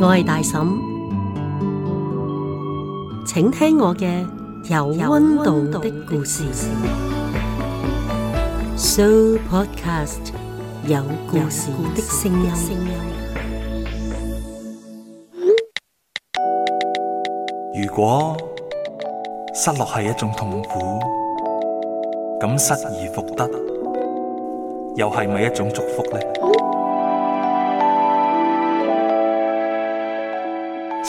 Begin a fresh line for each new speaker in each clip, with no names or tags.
我係大嬸，請聽我嘅有温度的故事。So Podcast 有故事的聲音。
如果失落係一種痛苦，咁失而復得，又係咪一種祝福呢？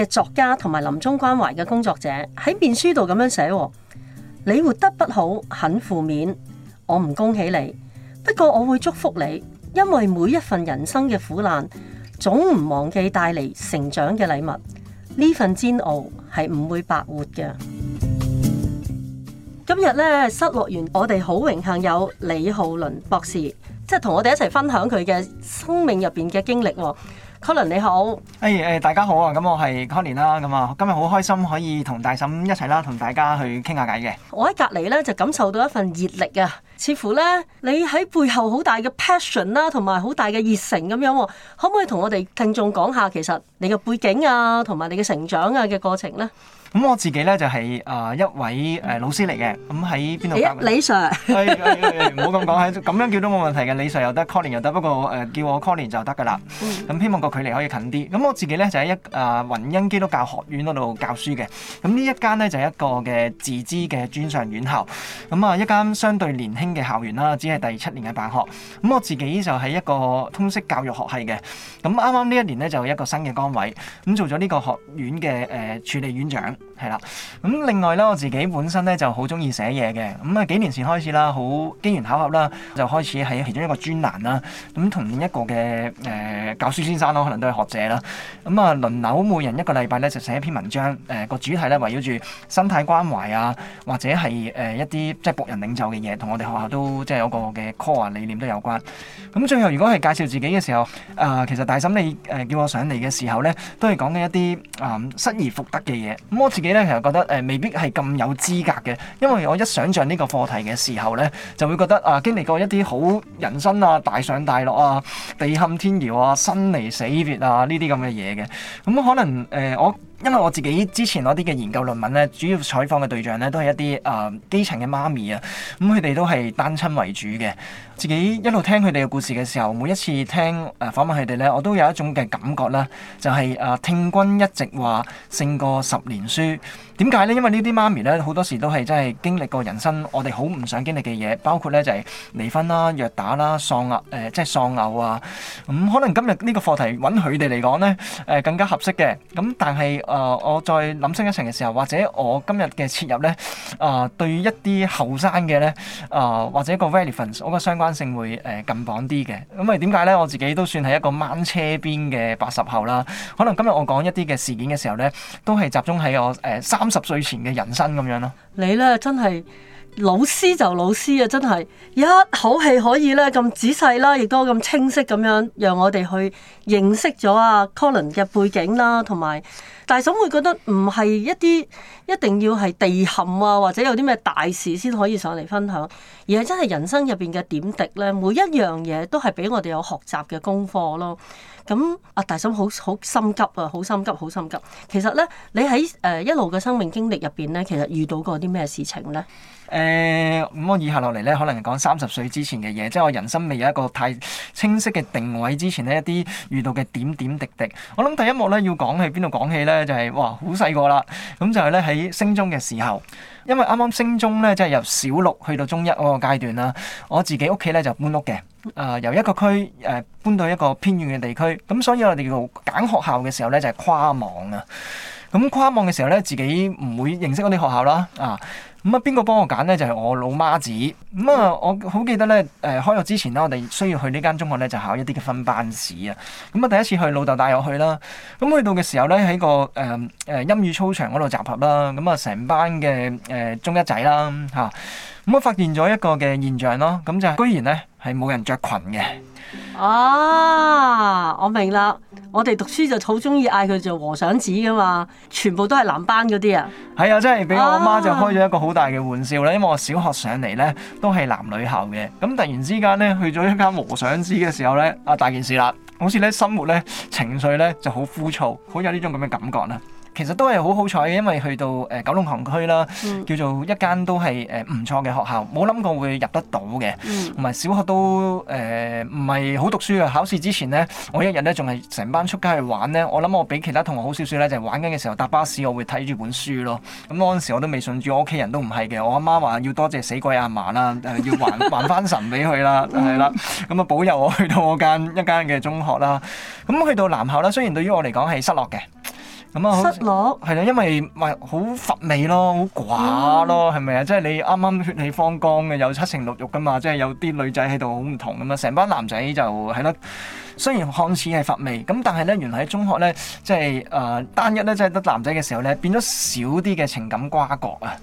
嘅作家同埋臨終關懷嘅工作者喺面書度咁樣寫：「你活得不好，很負面，我唔恭喜你。不過我會祝福你，因為每一份人生嘅苦難，總唔忘記帶嚟成長嘅禮物。呢份煎熬係唔會白活嘅。今日呢，失樂園，我哋好榮幸有李浩倫博士，即係同我哋一齊分享佢嘅生命入邊嘅經歷。Colin，你好，
哎誒、hey, hey, 大家好啊，咁我係 Colin 啦，咁啊今日好開心可以同大嬸一齊啦，同大家去傾下偈嘅。
我喺隔籬咧就感受到一份熱力啊，似乎咧你喺背後好大嘅 passion 啦、啊，同埋好大嘅熱誠咁樣、啊，可唔可以同我哋聽眾講下其實你嘅背景啊，同埋你嘅成長啊嘅過程咧？
咁、嗯、我自己咧就係、是、啊、呃、一位誒、呃、老師嚟嘅，咁喺邊度教？誒、哎、李 Sir，唔好咁講，咁、 哎哎、樣叫都冇問題嘅，李 Sir 又得 Callion 又得，不過誒、呃、叫我 Callion 就得㗎啦。咁、嗯嗯、希望個距離可以近啲。咁、嗯、我自己咧就喺一啊、呃、雲恩基督教學院嗰度教書嘅。咁呢一間咧就是、一個嘅自資嘅專上院校。咁啊一間相對年輕嘅校園啦，只係第七年嘅辦學。咁我自己就喺一個通識教育學系嘅。咁啱啱呢一年咧就有一個新嘅崗位，咁做咗呢個學院嘅誒助理院長。係啦，咁另外咧，我自己本身咧就好中意寫嘢嘅，咁啊幾年前開始啦，好機緣巧合啦，就開始喺其中一個專欄啦，咁同另一個嘅誒、呃、教書先生咯，可能都係學者啦，咁啊輪流每人一個禮拜咧就寫一篇文章，誒、呃、個主題咧圍繞住生態關懷啊，或者係誒一啲即係僕人領袖嘅嘢，同我哋學校都即係有個嘅 core 理念都有關。咁最後如果係介紹自己嘅時候，誒、呃、其實大嬸你誒叫我上嚟嘅時候咧，都係講緊一啲、呃、失而復得嘅嘢，咁我自己。咧，其實覺得誒未必係咁有資格嘅，因為我一想像呢個課題嘅時候呢，就會覺得啊，經歷過一啲好人生啊，大上大落啊，地陷天搖啊，生離死別啊，呢啲咁嘅嘢嘅，咁、嗯、可能誒、呃、我因為我自己之前嗰啲嘅研究論文呢，主要採訪嘅對象呢都係一啲啊、呃、基層嘅媽咪啊，咁佢哋都係單親為主嘅。自己一路聽佢哋嘅故事嘅時候，每一次聽誒訪問佢哋咧，我都有一種嘅感覺啦，就係誒聽君一席話勝過十年書，點解咧？因為呢啲媽咪咧，好多時都係真係經歷過人生我哋好唔想經歷嘅嘢，包括咧就係離婚啦、虐打啦、喪誒即係喪偶啊，咁可能今日呢個課題揾佢哋嚟講咧誒更加合適嘅，咁但係誒我再諗深一層嘅時候，或者我今日嘅切入咧誒對一啲後生嘅咧誒或者個 relatives 嗰個相關。性會誒近綁啲嘅，咁啊點解呢？我自己都算係一個掹車邊嘅八十後啦，可能今日我講一啲嘅事件嘅時候呢，都係集中喺我誒三十歲前嘅人生咁樣咯。
你呢真係老師就老師啊，真係一口氣可以呢咁仔細啦，亦都咁清晰咁樣，讓我哋去認識咗阿、啊、Colin 嘅背景啦，同埋。但係總會覺得唔係一啲一定要係地陷啊，或者有啲咩大事先可以上嚟分享，而係真係人生入邊嘅點滴咧，每一樣嘢都係俾我哋有學習嘅功課咯。咁阿大嬸好好心急啊，好心急，好心急。其實呢，你喺誒、呃、一路嘅生命經歷入邊呢，其實遇到過啲
咩事情呢？誒、呃，咁、嗯、我以下落嚟呢，可能講三十歲之前嘅嘢，即係我人生未有一個太清晰嘅定位之前呢，一啲遇到嘅點點滴滴。我諗第一幕呢，要講係邊度講起呢，就係、是、哇，好細個啦，咁就係呢，喺升中嘅時候。因為啱啱升中咧，即係由小六去到中一嗰個階段啦。我自己屋企咧就搬屋嘅。誒、呃，由一個區誒、呃、搬到一個偏遠嘅地區，咁所以我哋叫做揀學校嘅時候咧就係跨網啊。咁跨網嘅時候咧，自己唔會認識嗰啲學校啦，啊。咁啊，邊個、嗯、幫我揀呢？就係、是、我老媽子。咁、嗯、啊，我好記得呢，誒、呃、開學之前呢，我哋需要去呢間中學呢，就考一啲嘅分班試啊。咁、嗯、啊，第一次去老豆帶我去啦。咁、嗯、去到嘅時候呢，喺個誒誒陰雨操場嗰度集合啦。咁、嗯、啊，成班嘅誒、呃、中一仔啦嚇。咁、嗯、我、嗯、發現咗一個嘅現象咯，咁、嗯、就係、是、居然呢，係冇人着裙嘅。
啊！我明啦，我哋讀書就好中意嗌佢做和尚子噶嘛，全部都係男班嗰啲啊。
係啊，真係俾我媽就開咗一個好大嘅玩笑啦。因為我小學上嚟咧都係男女校嘅，咁突然之間咧去咗一間和尚子嘅時候咧，啊大件事啦，好似咧生活咧情緒咧就好枯燥，好有呢種咁嘅感覺啦。其實都係好好彩嘅，因為去到誒九龍行區啦，叫做一間都係誒唔錯嘅學校，冇諗過會入得到嘅，同埋小學都誒唔係好讀書嘅。考試之前呢，我一日呢仲係成班出街去玩呢。我諗我比其他同學好少少呢，就係玩緊嘅時候搭巴士，我會睇住本書咯。咁嗰陣時我都未信主，我屋企人都唔係嘅，我阿媽話要多謝死鬼阿嫲啦，要還還返神俾佢啦，係啦，咁啊保佑我去到我間一間嘅中學啦。咁去到南校咧，雖然對於我嚟講係失落嘅。嗯、失落係啦，因為咪好乏味咯，好寡咯，係咪啊？即係、就是、你啱啱血氣方剛嘅，有七情六欲噶嘛，即、就、係、是、有啲女仔喺度好唔同咁啊，成班男仔就係咯。雖然看似係乏味，咁但係咧，原來喺中學咧，即係誒、呃、單一咧，即係得男仔嘅時候咧，變咗少啲嘅情感瓜葛啊。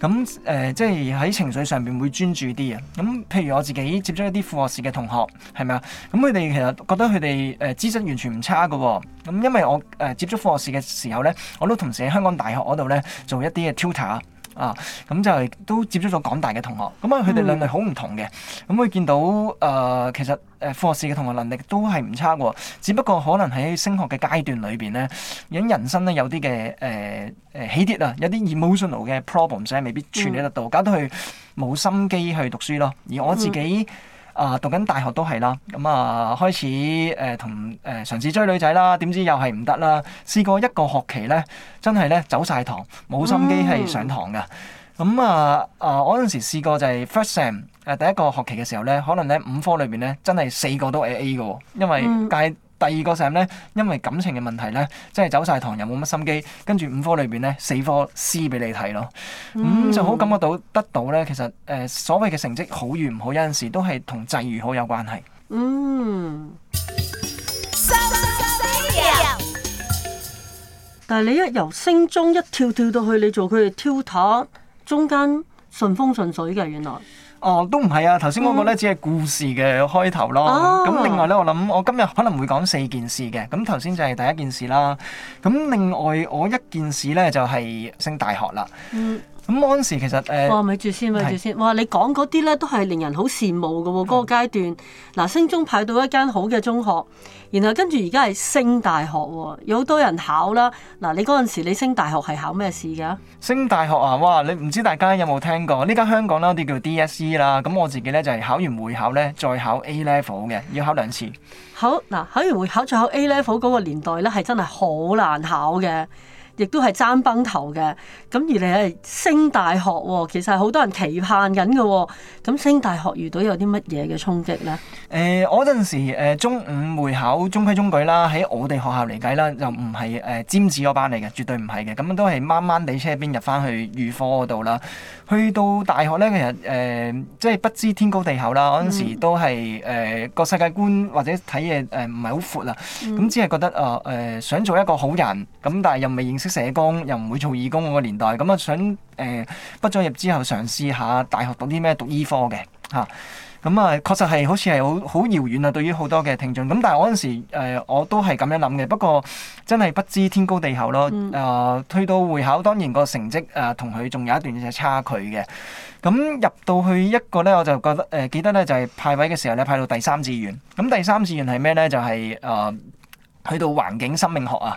咁誒、呃，即係喺情緒上面會專注啲啊。咁譬如我自己接觸一啲副學士嘅同學，係咪啊？咁佢哋其實覺得佢哋誒資質完全唔差㗎喎、哦。咁因為我誒、呃、接觸副學士嘅時候咧，我都同時喺香港大學嗰度咧做一啲嘅 tutor。啊，咁就係都接觸咗廣大嘅同學，咁啊佢哋兩類好唔同嘅，咁會見到誒、呃、其實誒副學士嘅同學能力都係唔差喎，只不過可能喺升學嘅階段裏邊咧，因人生咧有啲嘅誒誒起跌啊，有啲 emotional 嘅 problems 啊，未必處理得到，搞到佢冇心機去讀書咯，而我自己。嗯啊，讀緊大學都係啦，咁啊開始誒同誒嘗試追女仔啦，點知又係唔得啦。試過一個學期咧，真係咧走晒堂，冇心機係上堂嘅。咁、嗯、啊啊，我嗰陣時試過就係 first sem 誒第一個學期嘅時候咧，可能咧五科裏邊咧真係四個都 A A 嘅，因為但第二個就係咧，因為感情嘅問題咧，即係走晒堂又冇乜心機，跟住五科裏邊咧四科 C 俾你睇咯，咁就好感覺到得到咧，其實誒所謂嘅成績好與唔好，有陣時都係同際遇好有關係。
嗯。但係你一由升中一跳跳到去，你做佢哋跳塔，中間順風順水嘅原來。哦，都唔係啊，頭先嗰個咧、嗯、只
係故事嘅開頭咯。咁、啊、另外咧，我諗我今日可能會講四件事嘅。咁頭先就係第一件事啦。咁另外我一件事咧就係、是、升大學啦。嗯咁嗰陣時其實誒，呃、哇，咪
住先，咪住先，
是哇，你講嗰啲咧都係令人好羨慕嘅喎，嗰、那個階段，
嗱、嗯啊，升中派到一間好嘅中學，然後跟住而家係升大學喎，有好多人考啦，嗱、啊，你嗰陣時你升大學係考咩試嘅？
升大學啊，哇，你唔知大家有冇聽過？呢間香港咧有啲叫 DSE 啦，咁我自己咧就係、是、考完會考咧再考 A level 嘅，要考兩次。好，嗱、啊，考完會考再考 A level 嗰個年代咧係真係
好難考嘅。亦都係爭崩頭嘅，咁而你係升大學喎、哦，其實係好多人期盼緊嘅、哦，咁升大學遇到有啲乜嘢嘅衝擊呢？
誒、呃，我嗰陣時、呃、中五會考中規中矩啦，喺我哋學校嚟計啦，就唔係誒尖子嗰班嚟嘅，絕對唔係嘅，咁、嗯嗯、都係掹掹地車邊入翻去預科嗰度啦。去到大學呢，其實誒即係不知天高地厚啦。嗰陣時都係誒個世界觀或者睇嘢誒唔係好闊啊，咁只係覺得啊誒想做一個好人，咁但係又未認識。社工又唔會做義工，嗰個年代咁啊、嗯，想誒，畢、呃、咗業之後嘗試下大學讀啲咩，讀醫科嘅吓，咁啊，確、嗯、實係好似係好好遙遠啊，對於好多嘅聽眾。咁、嗯、但係我嗰陣時誒、呃，我都係咁樣諗嘅，不過真係不知天高地厚咯。啊、呃，推到會考，當然個成績啊，同佢仲有一段嘅差距嘅。咁、嗯、入到去一個呢，我就覺得誒、呃，記得呢就係、是、派位嘅時候呢，派到第三志願。咁、嗯、第三志願係咩呢？就係、是、誒、呃，去到環境生命學啊。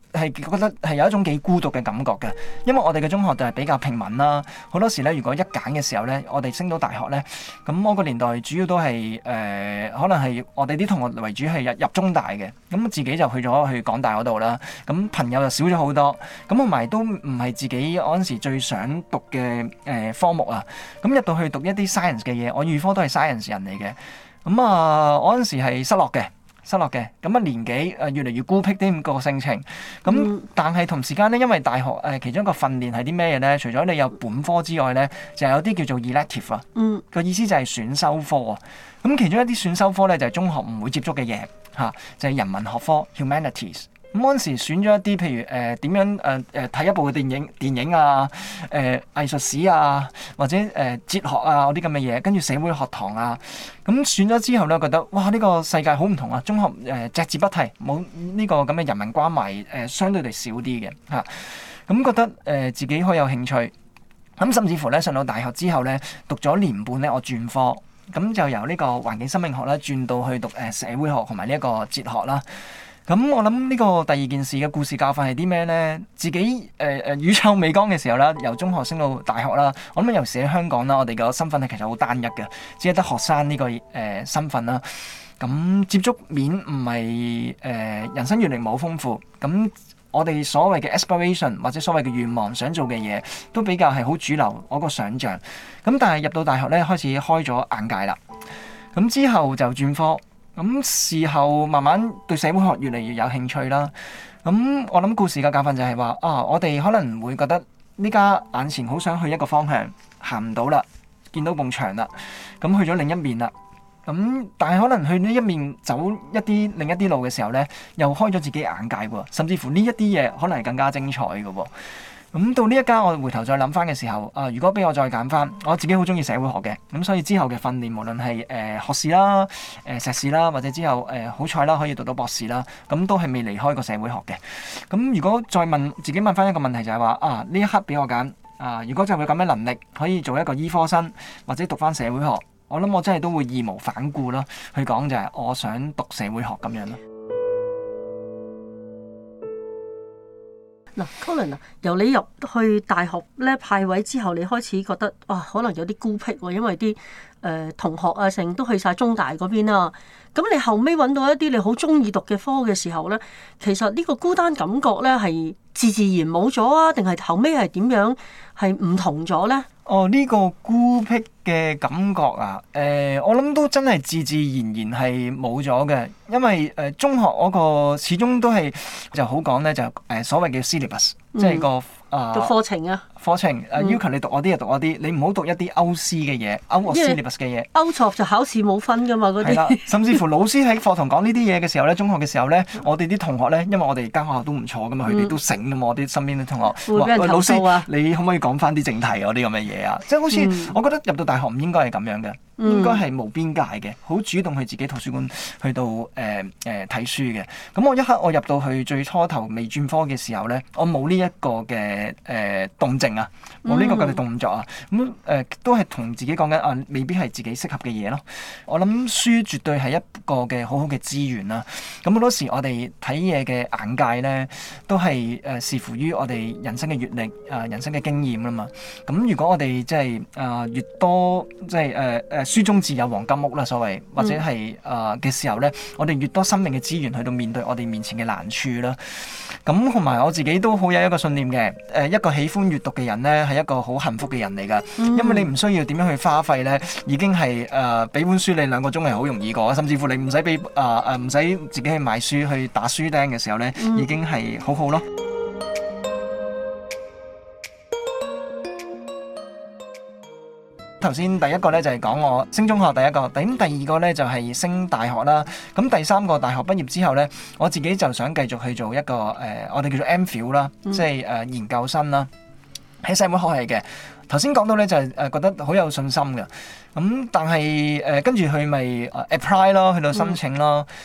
係覺得係有一種幾孤獨嘅感覺嘅，因為我哋嘅中學就係比較平民啦。好多時呢，如果一揀嘅時候呢，我哋升到大學呢，咁我個年代主要都係誒、呃，可能係我哋啲同學為主係入，入中大嘅，咁自己就去咗去港大嗰度啦。咁朋友就少咗好多，咁同埋都唔係自己嗰陣時最想讀嘅誒、呃、科目啊。咁入到去讀一啲 science 嘅嘢，我預科都係 science 人嚟嘅，咁啊嗰陣時係失落嘅。失落嘅咁啊年紀誒、呃、越嚟越孤僻啲咁、咁個性情，咁但係同時間咧，因為大學誒、呃、其中一個訓練係啲咩嘢咧？除咗你有本科之外咧，就有啲叫做 elective 啊個、嗯、意思就係選修科啊。咁其中一啲選修科咧就係、係、中學唔會接觸嘅嘢吓就係、係、人文學科 humanities。Human 咁嗰陣時選咗一啲，譬如誒點、呃、樣誒誒睇一部嘅電影、電影啊、誒、呃、藝術史啊，或者誒、呃、哲學啊嗰啲咁嘅嘢，跟住社會學堂啊，咁選咗之後呢，覺得哇！呢、這個世界好唔同啊，中學誒、呃、隻字不提，冇呢、這個咁嘅人民關懷，誒、呃、相對地少啲嘅嚇，咁、啊、覺得誒、呃、自己好有興趣，咁、啊、甚至乎呢，上到大學之後呢，讀咗年半呢，我轉科，咁就由呢個環境生命學呢，轉到去讀誒社會學同埋呢一個哲學啦。咁我諗呢個第二件事嘅故事教訓係啲咩呢？自己誒誒乳臭未乾嘅時候啦，由中學升到大學啦，我諗尤其喺香港啦，我哋嘅身份係其實好單一嘅，只係得學生呢、這個誒、呃、身份啦。咁、啊、接觸面唔係誒人生閱歷冇豐富，咁、啊、我哋所謂嘅 aspiration 或者所謂嘅願望想做嘅嘢都比較係好主流，我個想像。咁、啊、但係入到大學咧，開始開咗眼界啦。咁、啊、之後就轉科。咁、嗯、事後慢慢對社會學越嚟越有興趣啦。咁、嗯、我諗故事嘅教訓就係話啊，我哋可能會覺得呢家眼前好想去一個方向行唔到啦，見到埲牆啦，咁、嗯、去咗另一面啦。咁、嗯、但係可能去呢一面走一啲另一啲路嘅時候呢，又開咗自己眼界喎、哦。甚至乎呢一啲嘢可能係更加精彩嘅喎、哦。咁到呢一家我回頭再諗翻嘅時候，啊，如果俾我再揀翻，我自己好中意社會學嘅，咁所以之後嘅訓練無論係誒、呃、學士啦、誒、呃、碩士啦，或者之後誒好彩啦，可以讀到博士啦，咁都係未離開過社會學嘅。咁如果再問自己問翻一個問題就係話，啊，呢一刻俾我揀，啊，如果就係佢咁嘅能力可以做一個醫科生，或者讀翻社會學，我諗我真係都會義無反顧啦，去講就係我想讀社會學咁樣咯。
柯倫啊，Colin，由你入去大學咧派位之後，你開始覺得哇，可能有啲孤僻喎，哦，因為啲。誒同學啊，成都去晒中大嗰邊啦、啊。咁你後尾揾到一啲你好中意讀嘅科嘅時候呢？其實呢個孤單感覺呢，係自自然冇咗啊，定係後尾係點樣係唔同咗呢？
哦，呢、這個孤僻嘅感覺啊，誒、呃，我諗都真係自自然然係冇咗嘅，因為誒、呃、中學嗰個始終都係就好講呢，就誒所謂嘅 syllabus、嗯、即係個誒、呃、課程啊。課程啊，要求你讀我啲就讀我啲，你唔好讀一啲 OC 嘅嘢，OC 嘅嘢，
錯就考試冇分噶嘛嗰啲。
甚至乎老師喺課堂講呢啲嘢嘅時候咧，中學嘅時候咧， 我哋啲同學咧，因為我哋間學校都唔錯噶嘛，佢哋都醒噶嘛， 嗯、我啲身邊啲同學。會俾人投訴啊！老師，你可唔可以講翻啲正題嗰啲咁嘅嘢啊？即係好似我覺得入到大學唔應該係咁樣嘅，應該係無邊界嘅，好主動去自己圖書館去到誒誒睇書嘅。咁、嗯嗯、我一刻我入到去最初頭未轉科嘅時候咧，我冇呢一個嘅誒動靜。呃呃呃呃呃啊！冇呢個嘅動作啊，咁誒、mm hmm. 嗯呃、都係同自己講緊啊，未必係自己適合嘅嘢咯。我諗書絕對係一個嘅好好嘅資源啦。咁好多時我哋睇嘢嘅眼界咧，都係誒、呃、視乎於我哋人生嘅閲歷啊，人生嘅經驗啊嘛。咁如果我哋即係啊越多即係誒誒書中自有黃金屋啦，所謂、mm hmm. 或者係啊嘅時候咧，我哋越多生命嘅資源去到面對我哋面前嘅難處啦。咁同埋我自己都好有一個信念嘅，誒、呃，一個喜歡閱讀嘅人呢，係一個好幸福嘅人嚟㗎。因為你唔需要點樣去花費呢，已經係誒俾本書你兩個鐘係好容易過，甚至乎你唔使俾誒誒唔使自己去買書去打書釘嘅時候呢，已經係好好咯。頭先第一個咧就係講我升中學第一個，咁第二個咧就係升大學啦。咁第三個大學畢業之後咧，我自己就想繼續去做一個誒、呃，我哋叫做 M Phil 啦，即係誒研究生啦，喺社會學系嘅。頭先講到咧就係、是、誒、呃、覺得好有信心嘅，咁、嗯、但係誒跟住佢咪 apply 咯，呃、app ly, 去到申請咯。嗯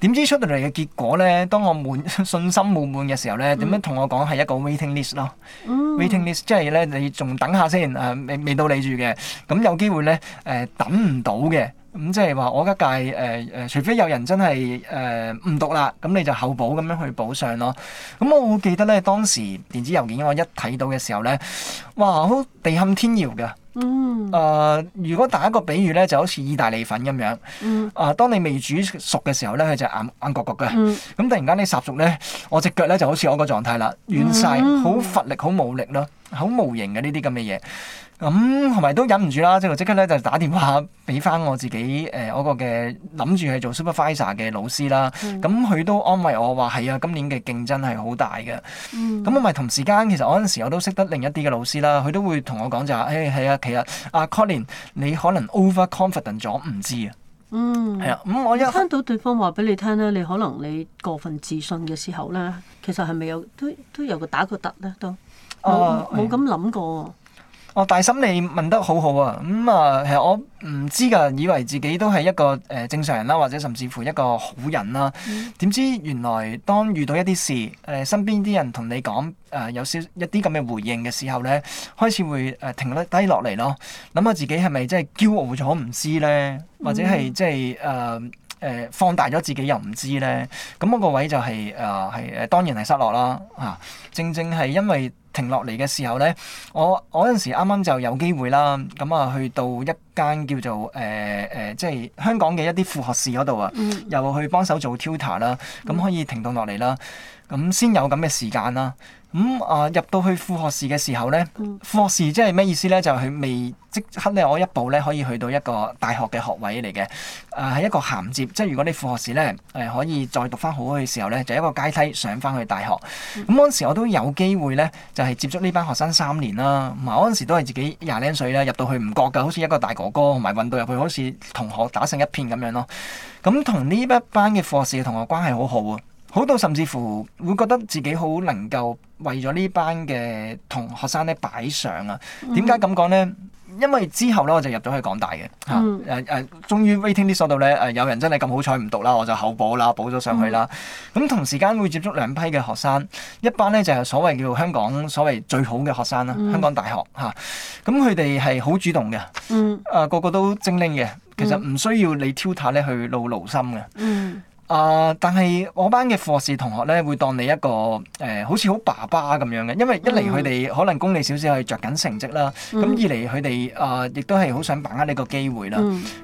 點知出到嚟嘅結果呢？當我滿信心滿滿嘅時候呢，點樣同我講係一個 waiting list、mm. waiting list 咯？waiting list 即係呢，你仲等下先啊、呃，未未到你住嘅。咁有機會呢，誒、呃、等唔到嘅。咁即係話，我而家介誒誒，除非有人真係誒唔讀啦，咁、呃、你就後補咁樣去補上咯。咁我記得咧，當時電子郵件我一睇到嘅時候咧，哇，好地陷天搖嘅。嗯、呃。如果打一個比喻咧，就好似意大利粉咁樣。啊，當你未煮熟嘅時候咧，佢就硬硬角角嘅。嗯。咁、啊、突然間你烚熟咧，我隻腳咧就好似我個狀態啦，軟晒，好乏力，好冇力咯，好無形嘅呢啲咁嘅嘢。咁同埋都忍唔住啦，即係即刻咧就打電話俾翻我自己誒嗰、呃、個嘅諗住去做 supervisor 嘅老師啦。咁佢、嗯嗯、都安慰我話：係啊，今年嘅競爭係好大嘅。咁、嗯嗯、我咪同時間，其實嗰陣時我都識得另一啲嘅老師啦，佢都會同我講就話：誒係啊，其實阿、啊、Colin 你可能 overconfident 咗，唔知、嗯、啊。嗯，
係啊。咁我一聽到對方話俾你聽咧，你可能你過分自信嘅時候咧，其實係咪有都都有個打個突咧？都冇冇咁諗過。嗯。
哦，大心你問得好好啊，咁、嗯、啊，其實我唔知㗎，以為自己都係一個誒、呃、正常人啦，或者甚至乎一個好人啦。點、嗯、知原來當遇到一啲事，誒、呃、身邊啲人同你講，誒、呃、有少一啲咁嘅回應嘅時候咧，開始會誒、呃、停得低落嚟咯。諗下自己係咪真係驕傲咗唔知咧，或者係即係誒誒放大咗自己又唔知咧？咁嗰個位就係誒係誒當然係失落啦。啊，正正係因為，停落嚟嘅時候呢，我我嗰陣時啱啱就有機會啦，咁啊去到一間叫做誒誒、呃呃，即係香港嘅一啲副學士嗰度啊，又去幫手做 tutor 啦，咁可以停頓落嚟啦，咁先有咁嘅時間啦。咁、嗯、啊，入到去副學士嘅時候呢，嗯、副學士即係咩意思呢？就係、是、佢未即刻呢，我一步呢可以去到一個大學嘅學位嚟嘅。啊，係一個銜接。即係如果你副學士呢，誒、啊、可以再讀翻好嘅時候呢，就一個階梯上翻去大學。咁嗰陣時我都有機會呢，就係、是、接觸呢班學生三年啦。咁啊，嗰陣時都係自己廿零歲啦，入到去唔覺噶，好似一個大哥哥，同埋混到入去好似同學打成一片咁樣咯。咁同呢一班嘅副學士嘅同學關係好好、啊。好到甚至乎會覺得自己好能夠為咗呢班嘅同學生咧擺上啊！點解咁講呢？因為之後呢，我就入咗去港大嘅，誒誒、嗯啊啊，終於 waiting list 到咧、啊，有人真係咁好彩唔讀啦，我就候補啦，補咗上去啦。咁、嗯啊、同時間會接觸兩批嘅學生，一班呢，就係所謂叫做香港所謂最好嘅學生啦，嗯、香港大學嚇。咁佢哋係好主動嘅，誒、嗯啊、個個都精靈嘅，其實唔需要你挑塔咧去露奴心嘅。嗯啊！Uh, 但係我班嘅博士同學咧，會當你一個誒、呃，好似好爸爸咁樣嘅。因為一嚟佢哋可能功利少少係着緊成績啦，咁、mm. 二嚟佢哋啊，亦都係好想把握呢個機會啦。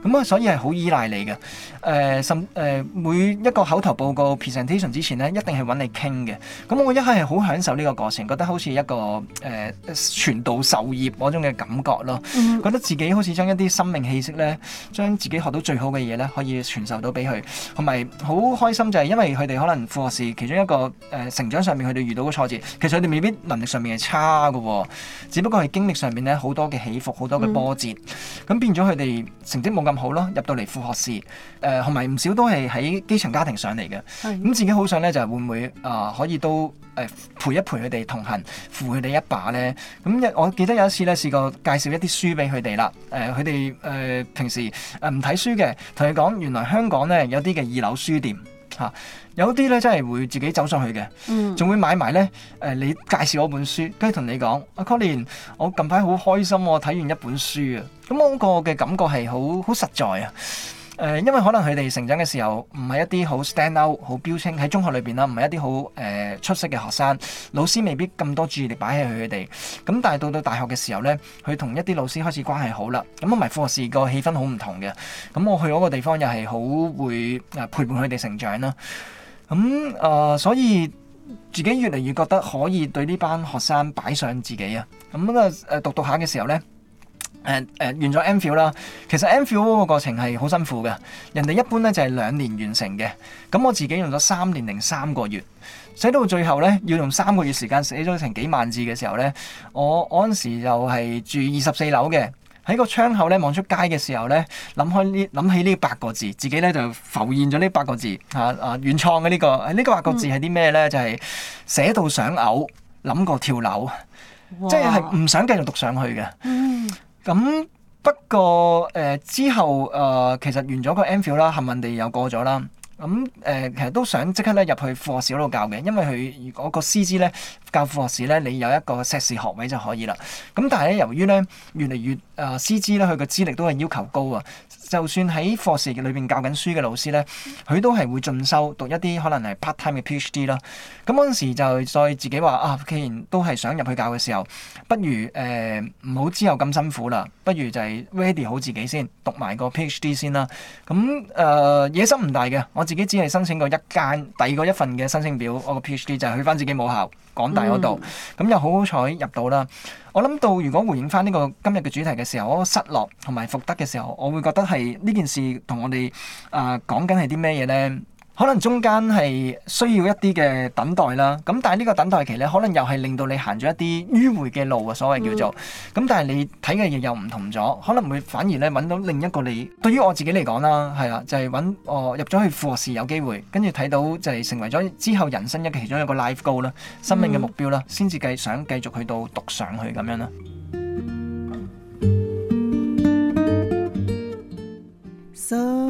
咁啊，所以係好依賴你嘅。誒、呃，甚誒、呃，每一個口頭報告 presentation 之前呢，一定係揾你傾嘅。咁我一係好享受呢個過程，覺得好似一個誒傳、呃、道授業嗰種嘅感覺咯。Mm. 覺得自己好似將一啲生命氣息呢，將自己學到最好嘅嘢呢，可以傳授到俾佢，同埋。好開心，就係因為佢哋可能副學士其中一個誒、呃、成長上面佢哋遇到嘅挫折，其實佢哋未必能力上面係差嘅、哦，只不過係經歷上面咧好多嘅起伏，好多嘅波折，咁、嗯、變咗佢哋成績冇咁好咯，入到嚟副學士誒，同埋唔少都係喺基層家庭上嚟嘅。咁是的 自己好想咧就會唔會啊、呃、可以都誒陪一陪佢哋同行，扶佢哋一把咧。咁我記得有一次咧試過介紹一啲書俾佢哋啦，誒佢哋誒平時唔睇書嘅，同佢講原來香港咧有啲嘅二樓書。掂嚇， 有啲咧真係會自己走上去嘅，仲、嗯、會買埋咧誒你介紹嗰本書，跟住同你講，阿 Colin，我近排好開心喎、哦，睇完一本書啊，咁我個嘅感覺係好好實在啊！因為可能佢哋成長嘅時候唔係一啲好 stand out、好標青喺中學裏邊啦，唔係一啲好誒出色嘅學生，老師未必咁多注意力擺喺佢哋。咁但係到到大學嘅時候呢，佢同一啲老師開始關係好啦。咁啊，埋副學士個氣氛好唔同嘅。咁我去嗰個地方又係好會陪伴佢哋成長啦。咁啊、呃，所以自己越嚟越覺得可以對呢班學生擺上自己啊。咁啊誒讀讀下嘅時候呢。誒誒、呃呃，完咗《Anfield》啦，其實《Anfield》個過程係好辛苦嘅，人哋一般咧就係、是、兩年完成嘅，咁我自己用咗三年零三個月，寫到最後咧要用三個月時間寫咗成幾萬字嘅時候咧，我嗰陣時就係住二十四樓嘅，喺個窗口咧望出街嘅時候咧，諗開呢諗起呢八個字，自己咧就浮現咗呢八個字嚇嚇、啊啊，原創嘅呢、這個，呢、這個八個字係啲咩咧？嗯、就係寫到想嘔，諗過跳樓，
即係
唔想繼續讀上去嘅。嗯。咁不過誒、呃、之後誒、呃、其實完咗個 MPhil 啦，幸運地又過咗啦。咁、嗯、誒、呃、其實都想即刻咧入去副學士嗰度教嘅，因為佢如果個師資咧教副學士咧，你有一個碩士學位就可以啦。咁但係咧由於咧越嚟越。誒師資咧，佢個、呃、資歷都係要求高啊！就算喺課事裏邊教緊書嘅老師呢，佢都係會進修讀一啲可能係 part time 嘅 PhD 啦。咁嗰陣時就再自己話啊，既然都係想入去教嘅時候，不如誒唔好之後咁辛苦啦，不如就係 ready 好自己先，讀埋個 PhD 先啦。咁誒、呃、野心唔大嘅，我自己只係申請過一間第二個一份嘅申請表，我個 PhD 就係去翻自己母校港大嗰度，咁、嗯、又好彩入到啦。我諗到，如果回應翻呢個今日嘅主題嘅時候，我失落同埋復得嘅時候，我會覺得係呢件事同我哋啊講緊係啲咩嘢咧？呃可能中間係需要一啲嘅等待啦，咁但係呢個等待期呢，可能又係令到你行咗一啲迂迴嘅路啊，所謂叫做咁，嗯、但係你睇嘅嘢又唔同咗，可能會反而呢揾到另一個你。對於我自己嚟講啦，係啦，就係揾哦入咗去副學士有機會，跟住睇到就係成為咗之後人生一其中一個 life goal 啦，生命嘅目標啦，先至計想繼續去到讀上去咁樣啦。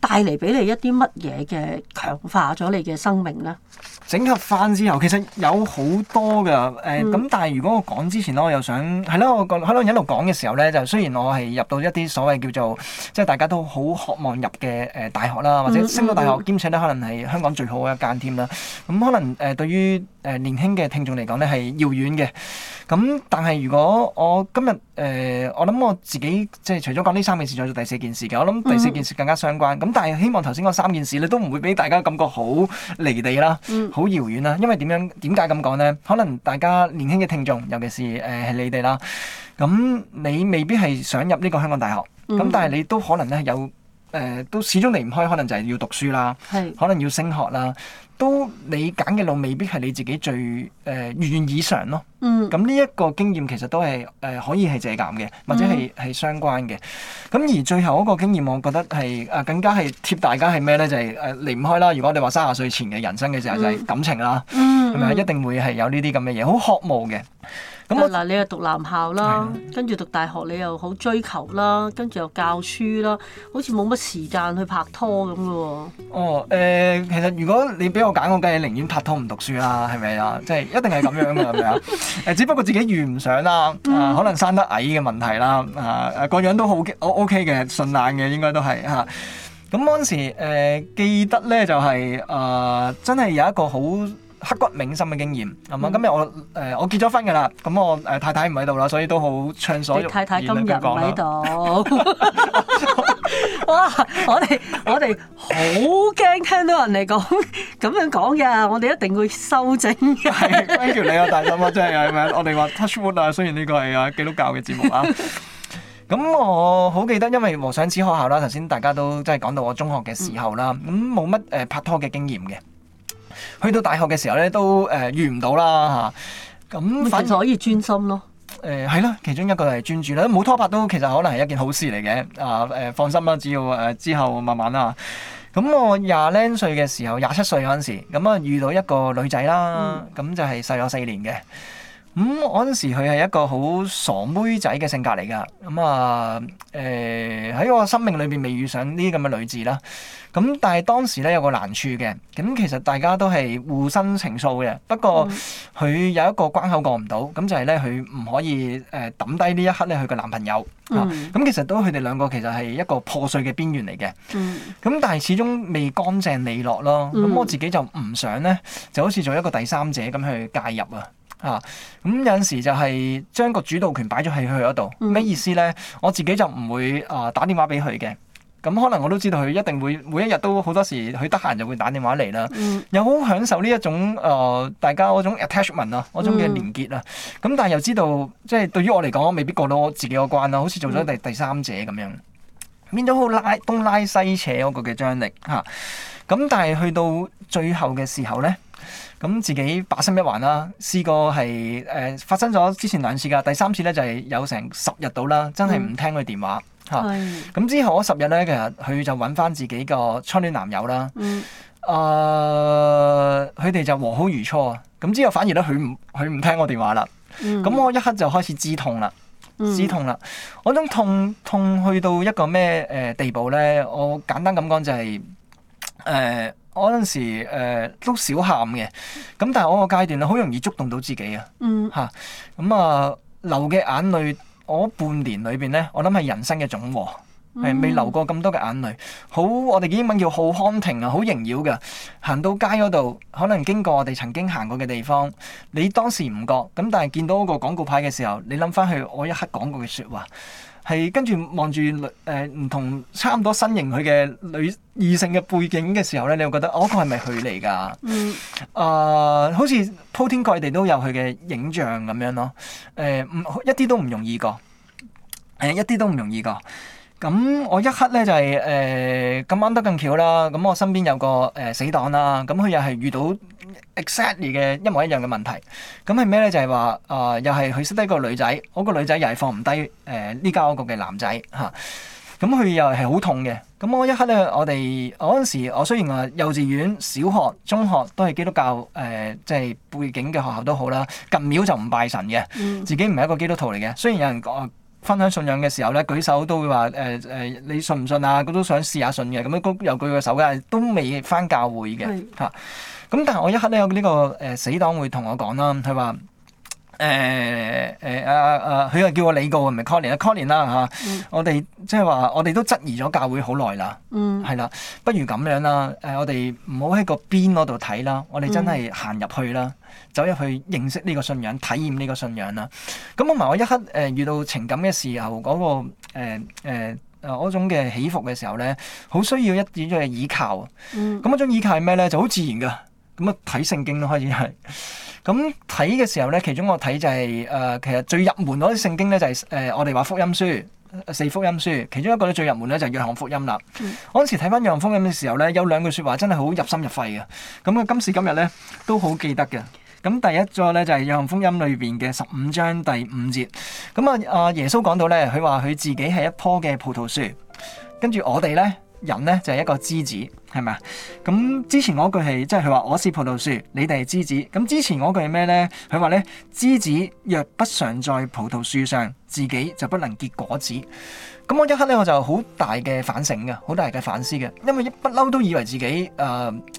帶嚟俾你一啲乜嘢嘅強化咗你嘅生命呢？
整合翻之後，其實有好多嘅誒咁。呃嗯、但係如果我講之前咧，我又想係咯，我覺係咯，一路講嘅時候呢，就雖然我係入到一啲所謂叫做即係大家都好渴望入嘅誒、呃、大學啦，或者升咗大學、嗯嗯、兼且呢，可能係香港最好嘅一間添啦。咁可能誒、呃、對於。誒年輕嘅聽眾嚟講呢係遙遠嘅，咁但係如果我今日誒、呃，我諗我自己即係除咗講呢三件事，再做第四件事嘅，我諗第四件事更加相關。咁、嗯、但係希望頭先嗰三件事呢都唔會俾大家感覺好離地啦，好遙遠啦。因為點樣點解咁講呢？可能大家年輕嘅聽眾，尤其是誒係、呃、你哋啦，咁你未必係想入呢個香港大學，咁、嗯、但係你都可能呢有。誒，都始終離唔開，可能就係要讀書啦，是可能要升學啦，都你揀嘅路未必係你自己最誒、呃、如願以償咯。嗯，咁呢一個經驗其實都係誒、呃、可以係借鑒嘅，或者係係相關嘅。咁而最後一個經驗，我覺得係啊更加係貼大家係咩呢？就係誒離唔開啦。如果你話三十歲前嘅人生嘅時候、嗯、就係感情啦，係咪、嗯嗯、一定會係有呢啲咁嘅嘢，好渴慕嘅。
嗱、嗯啊，你又讀男校啦，的跟住讀大學你又好追求啦，跟住又教書啦，好似冇乜時間去拍拖咁嘅
喎。哦，誒、呃，其實如果你俾我揀，我梗係寧願拍拖唔讀書啦，係咪啊？即、就、係、是、一定係咁樣嘅，係咪啊？誒、呃，只不過自己遇唔上啦、 呃，可能生得矮嘅問題啦，啊、呃，個樣都好，OK 嘅，順眼嘅應該都係嚇。咁嗰陣時，誒、呃、記得咧就係、是、啊、呃，真係有一個好。刻骨銘心嘅經驗，係嘛？今日、嗯、我誒、呃、我結咗婚㗎啦，咁我誒、呃、太太唔喺度啦，所以都好暢所欲言。你太太今日唔喺度，
哇！我哋我哋好驚聽到人嚟講咁樣講嘅，我哋一定會修正。
Thank you，你啊，大心啊，真係係咪？ 我哋話 touch wood 啊，雖然呢個係啊基督教嘅節目啊。咁 我好記得，因為和尚寺學校啦，頭先大家都即係講到我中學嘅時候啦，咁冇乜誒拍拖嘅經驗嘅。去到大學嘅時候咧，都誒遇唔到啦嚇，咁、啊、反可以專心咯。誒係咯，其中一個係專注啦，冇拖拍都其實可能係一件好事嚟嘅。啊誒、呃，放心啦，只要誒、呃、之後慢慢啦。咁我廿零歲嘅時候，廿七歲嗰陣時，咁啊遇到一個女仔啦，咁、嗯、就係細我四年嘅。咁嗰陣時，佢係一個好傻妹仔嘅性格嚟噶。咁、嗯、啊，誒、欸、喺我生命裏邊未遇上呢啲咁嘅女子啦。咁、嗯、但係當時咧有個難處嘅。咁、嗯嗯、其實大家都係互生情愫嘅。不過佢有一個關口過唔到，咁、嗯嗯嗯嗯嗯、就係咧佢唔可以誒抌低呢一刻咧佢嘅男朋友。咁其實都佢哋兩個其實係一個破碎嘅邊緣嚟嘅。咁但係始終未乾淨利落咯。咁我自己就唔想咧，就好似做一個第三者咁去介入啊。嗯啊，咁、嗯、有陣時就係將個主導權擺咗喺佢嗰度，咩意思呢？我自己就唔會啊、呃、打電話俾佢嘅。咁、嗯、可能我都知道佢一定會每一日都好多時，佢得閒就會打電話嚟啦。嗯、又好享受呢一種誒、呃，大家嗰種 attachment 啊，嗰種嘅連結啊。咁、嗯嗯嗯、但係又知道，即、就、係、是、對於我嚟講，未必過到我自己嗰關啦。好似做咗第第三者咁樣，嗯、變咗好拉東拉西扯嗰個嘅張力嚇。咁、啊、但係去到最後嘅時候呢。咁自己把心一橫啦，試過係誒、呃、發生咗之前兩次噶，第三次咧就係、是、有成十日到啦，真係唔聽佢電話嚇。咁、嗯啊、之後十日咧，其實佢就揾翻自己個初戀男友啦。誒、嗯，佢哋、呃、就和好如初。咁之後反而咧，佢唔佢唔聽我電話啦。咁我、嗯、一刻就開始知痛啦，
知、嗯、痛
啦。嗰種痛痛去到一個咩誒地步咧？我簡單咁講就係、是、誒。呃我嗰陣時誒、呃、都少喊嘅，咁但係我個階段咧好容易觸動到自己啊嚇。咁、嗯、啊流嘅眼淚，我半年裏邊咧，我諗係人生嘅總和，係未、嗯、流過咁多嘅眼淚。好，我哋英文叫好康亭啊，好縈繞嘅。行到街嗰度，可能經過我哋曾經行過嘅地方，你當時唔覺，咁但係見到個廣告牌嘅時候，你諗翻去我一刻講過嘅説話。係跟住望住女誒唔同差唔多身型佢嘅女異性嘅背景嘅時候咧，你會覺得哦，嗰個係咪佢嚟㗎？啊、嗯呃，好似鋪天蓋地都有佢嘅影像咁樣咯。誒、呃，唔一啲都唔容易㗎。誒、呃，一啲都唔容易㗎。咁、嗯、我一刻咧就係誒今晚得更巧咁啱得咁巧啦。咁、呃嗯、我身邊有個誒、呃、死黨啦。咁佢又係遇到。Exactly 嘅一模一樣嘅問題，咁係咩呢？就係話啊，又係佢識得一個女仔，嗰個女仔又係放唔低誒呢家屋個嘅男仔嚇，咁佢又係好痛嘅。咁我一刻呢，我哋嗰陣時，我雖然話幼稚園、小學、中學都係基督教誒，即係背景嘅學校都好啦，近廟就唔拜神嘅，自己唔係一個基督徒嚟嘅。雖然有人講分享信仰嘅時候呢，舉手都會話誒誒，你信唔信啊？佢都想試下信嘅，咁樣又舉個手嘅，都未翻教會嘅嚇。嗯咁但係我一刻咧有呢、這個誒、呃、死黨會同我講啦，佢話誒誒阿阿佢又叫我李哥，唔係、啊、Colin 啊 Colin 啦嚇，我哋即係話我哋都質疑咗教會好耐啦，嗯，係啦，不如咁樣啦，誒、呃、我哋唔好喺個邊嗰度睇啦，我哋真係行入去啦，嗯、走入去認識呢個信仰，體驗呢個信仰啦。咁同埋我一刻誒、呃、遇到情感嘅時候嗰、那個誒誒啊嗰種嘅起伏嘅時候咧，好需要一啲嘅倚靠，嗯，咁嗰種倚靠係咩咧？就好自然噶。咁啊，睇聖經咯，開始係。咁睇嘅時候咧，其中我睇就係、是、誒、呃，其實最入門嗰啲聖經咧、就是，就係誒我哋話福音書四福音書，其中一個咧最入門咧就係約翰福音啦。嗰陣、嗯、時睇翻約翰福音嘅時候咧，有兩句説話真係好入心入肺嘅。咁、嗯、啊，今時今日咧都好記得嘅。咁第一個咧就係、是、約翰福音裏邊嘅十五章第五節。咁啊阿耶穌講到咧，佢話佢自己係一棵嘅葡萄樹，跟住我哋咧。人呢，就係、是、一個枝子，係咪啊？咁之前嗰句係即係佢話我是葡萄樹，你哋係枝子。咁之前嗰句係咩呢？佢話呢，「枝子若不常在葡萄樹上，自己就不能結果子。咁我一刻呢，我就好大嘅反省嘅，好大嘅反思嘅，因為一不嬲都以為自己誒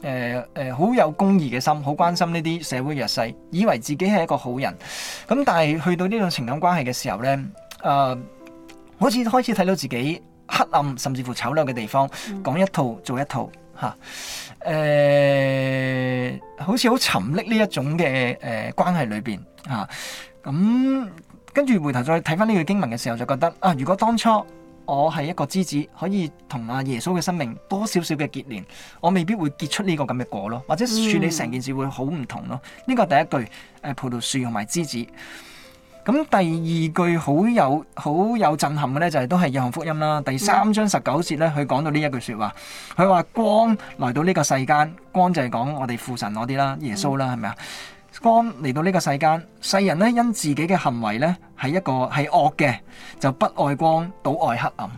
誒誒好有公義嘅心，好關心呢啲社會弱勢，以為自己係一個好人。咁但係去到呢種情感關係嘅時候呢，誒、呃、好似開始睇到自己。黑暗甚至乎醜陋嘅地方，講一套做一套，吓、啊，誒、欸，好似好沉溺呢一種嘅誒、呃、關係裏邊，吓、啊，咁跟住回頭再睇翻呢個經文嘅時候，就覺得啊，如果當初我係一個枝子，可以同阿耶穌嘅生命多少少嘅結連，我未必會結出呢個咁嘅果咯，或者處理成件事會好唔同咯。呢、這個第一句，誒、啊，葡萄樹同埋枝子。咁第二句好有好有震撼嘅呢，就係都係約翰福音啦。第三章十九節呢，佢講到呢一句説話，佢話光嚟到呢個世間，光就係講我哋父神嗰啲啦，耶穌啦，係咪啊？光嚟到呢個世間，世人呢因自己嘅行為呢係一個係惡嘅，就不愛光，倒愛黑暗。咁、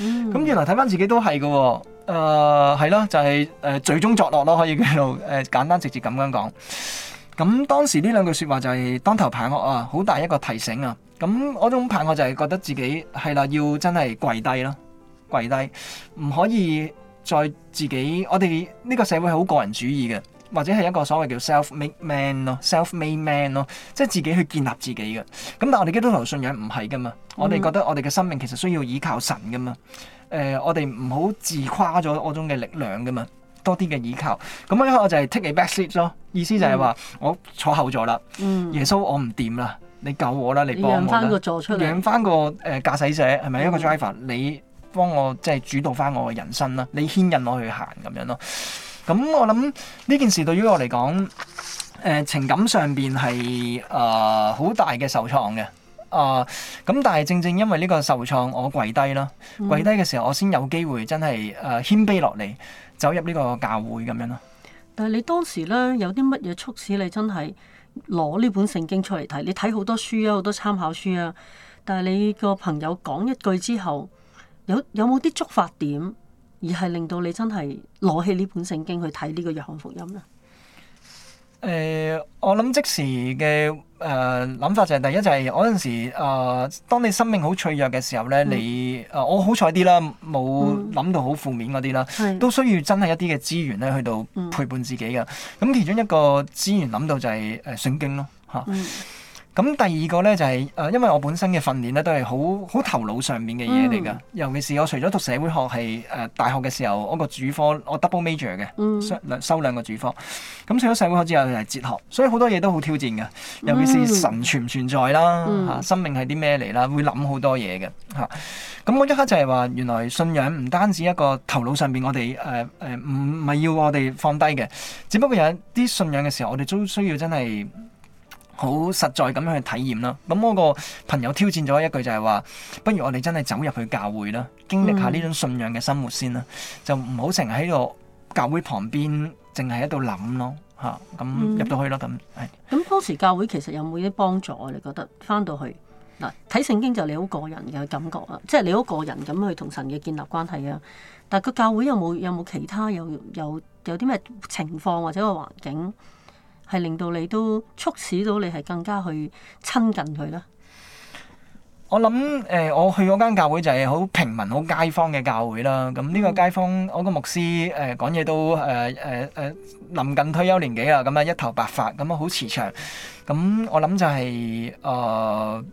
嗯、原來睇返自己都係嘅，誒係咯，就係誒罪中作樂咯，可以叫做誒簡單直接咁樣講。咁當時呢兩句説話就係當頭棒喝啊，好大一個提醒啊！咁嗰種棒喝就係覺得自己係啦，要真係跪低咯，跪低，唔可以再自己。我哋呢個社會係好個人主義嘅，或者係一個所謂叫 self-made man 咯，self-made man 咯，即係自己去建立自己嘅。咁但係我哋基督徒信仰唔係噶嘛，嗯、我哋覺得我哋嘅生命其實需要依靠神噶嘛。誒、呃，我哋唔好自誇咗嗰種嘅力量噶嘛。多啲嘅依靠，咁啊，我就係 take a back seat 咯，意思就係話、嗯、我坐後座啦，嗯、耶穌我唔掂啦，你救我啦，你幫我啦，讓翻個座出嚟，讓翻個誒駕駛者係咪一個 driver？、嗯、你幫我即係主導翻我嘅人生啦，你牽引我去行咁樣咯。咁我諗呢件事對於我嚟講，誒、呃、情感上邊係啊好大嘅受創嘅。啊，咁、uh, 但係正正因為呢個受創，我跪低啦，
跪低嘅
時候，我先有機會真係誒謙卑落嚟，走入呢個教會咁樣咯、嗯。但
係你當時咧有啲乜嘢促使你真係攞呢本聖經出嚟睇？你睇好多書啊，好多參考書啊，但係你個朋友講一句之後，有有冇啲觸發點而係令到你真係攞起呢本聖經去睇呢、呢個約翰福音咧？
誒、呃，我諗即時嘅誒諗法就係第一就係嗰陣時，誒、呃，當你生命好脆弱嘅時候咧，嗯、你、呃，我好彩啲啦，冇諗到好負面嗰啲啦，嗯、都需要真係一啲嘅資源咧去到陪伴自己嘅。咁、嗯、其中一個資源諗到就係誒聖經咯，嚇、啊。嗯咁第二個咧就係、是、誒、呃，因為我本身嘅訓練咧都係好好頭腦上面嘅嘢嚟㗎。嗯、尤其是我除咗讀社會學係誒、呃、大學嘅時候，我個主科我 double major 嘅，收兩、嗯、收兩個主科。咁除咗社會學之後，佢係哲學，所以好多嘢都好挑戰㗎。尤其是神存唔存在啦，嗯啊、生命係啲咩嚟啦，會諗好多嘢嘅嚇。咁、啊、我一刻就係話，原來信仰唔單止一個頭腦上邊，我哋誒誒唔係要我哋放低嘅，只不過有啲信仰嘅時候，我哋都需要真係。好實在咁樣去體驗啦。咁嗰個朋友挑戰咗一句就係話：不如我哋真係走入去教會啦，經歷下呢種信仰嘅生活先啦。嗯、就唔好成日喺個教會旁邊，淨係喺度諗咯。嚇、啊，咁入到去咯。咁係。
咁、嗯、當時教會其實有冇啲幫助啊？你覺得翻到去嗱睇聖經就你好個人嘅感覺啊，即、就、係、是、你好個人咁去同神嘅建立關係啊。但係個教會有冇有冇其他有有有啲咩情況或者個環境？係令到你都促使到你係更加去親近佢啦。
我諗誒，我去嗰間教會就係好平民、好街坊嘅教會啦。咁呢個街坊，我個牧師誒講嘢都誒誒誒，臨近退休年紀啊，咁啊一頭白髮，咁啊好慈祥。咁我諗就係誒，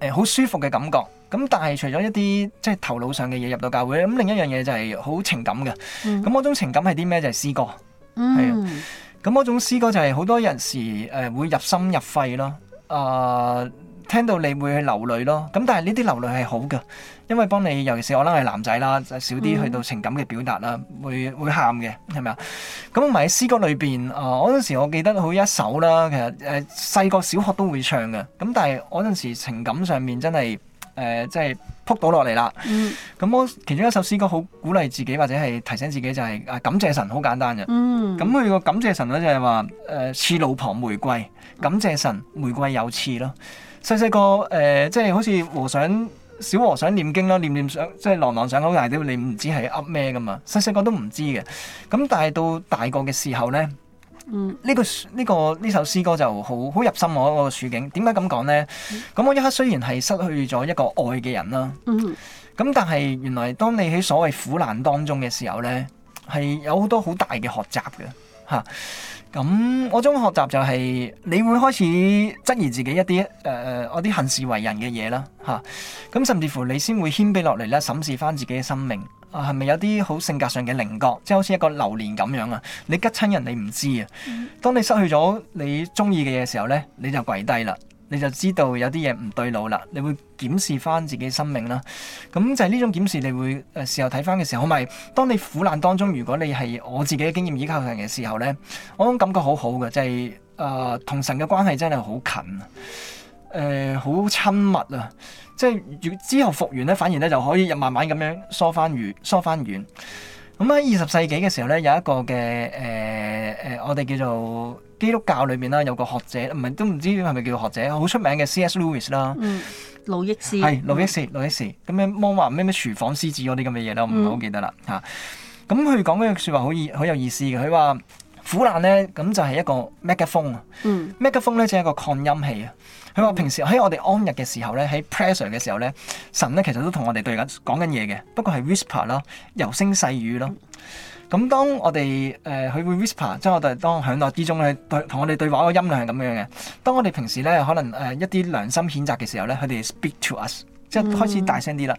誒好舒服嘅感覺。咁但係除咗一啲即係頭腦上嘅嘢，入到教會，咁另一樣嘢就係好情感嘅。咁嗰種情感係啲咩？就係詩歌。嗯。咁嗰種詩歌就係好多人時誒、呃、會入心入肺咯，啊、呃、聽到你會去流淚咯，咁但係呢啲流淚係好嘅，因為幫你，尤其是我可能係男仔啦，少啲去到情感嘅表達啦，會會喊嘅，係咪啊？咁埋喺詩歌裏邊，啊嗰陣時我記得好一首啦，其實誒細個小學都會唱嘅，咁但係嗰陣時情感上面真係。誒，即係撲到落嚟啦。咁我、嗯、其中一首詩歌好鼓勵自己或者係提醒自己，就係、是、啊感謝神，好簡單嘅。咁佢個感謝神咧就係話誒，似、呃、老婆玫瑰，感謝神玫瑰有刺咯。細細個誒，即、呃、係、就是、好似和尚小和尚念經啦，念念想即係朗朗上口，大、就、啲、是。你唔知係噏咩噶嘛，細細個都唔知嘅。咁但係到大個嘅時候呢。呢、這個呢、這個呢首詩歌就好好入心我一個處境。點解咁講呢？咁我一刻雖然係失去咗一個愛嘅人啦，咁、嗯、哼但係原來當你喺所謂苦難當中嘅時候呢，係有好多好大嘅學習嘅吓。咁、啊、我種學習就係你會開始質疑自己一啲誒、呃、我啲行事為人嘅嘢啦吓。咁、啊、甚至乎你先會謙卑落嚟咧審視翻自己嘅生命。啊，係咪有啲好性格上嘅稜角，即係好似一個榴蓮咁樣啊？你吉親人你唔知啊。當你失去咗你中意嘅嘢時候呢，你就跪低啦，你就知道有啲嘢唔對路啦，你會檢視翻自己生命啦。咁就係呢種檢視，你會誒事、呃、後睇翻嘅時候，同埋當你苦難當中，如果你係我自己嘅經驗依靠的人嘅時候呢，我覺得感覺好好嘅，就係誒同神嘅關係真係好近，誒、呃、好親密啊！即係之後復原咧，反而咧就可以又慢慢咁樣疏翻遠，疏翻遠。咁喺二十世紀嘅時候咧，有一個嘅誒誒，我哋叫做基督教裏邊啦，有個學者，唔係都唔知係咪叫做學者，好出名嘅 C.S. Lewis 啦、嗯。
路易斯。係路易斯，
路易斯咁樣講話咩咩廚房獅子嗰啲咁嘅嘢咧，我唔係好記得啦嚇。咁佢、嗯啊、講嗰句説話好意，好有意思嘅。佢話苦難咧，咁就係一個 megaphone 啊。嗯。megaphone 咧，就係一個擴音器啊。佢話平時喺我哋安逸嘅時候咧，喺 pressure 嘅時候咧，神咧其實都同我哋對緊講緊嘢嘅，不過係 whisper 咯，柔聲細語咯。咁當我哋誒佢會 whisper，即我哋當享樂之中咧，對同我哋對話嗰個音量係咁樣嘅。當我哋平時咧可能誒、呃、一啲良心譴責嘅時候咧，佢哋 speak to us。即係開始大聲啲啦，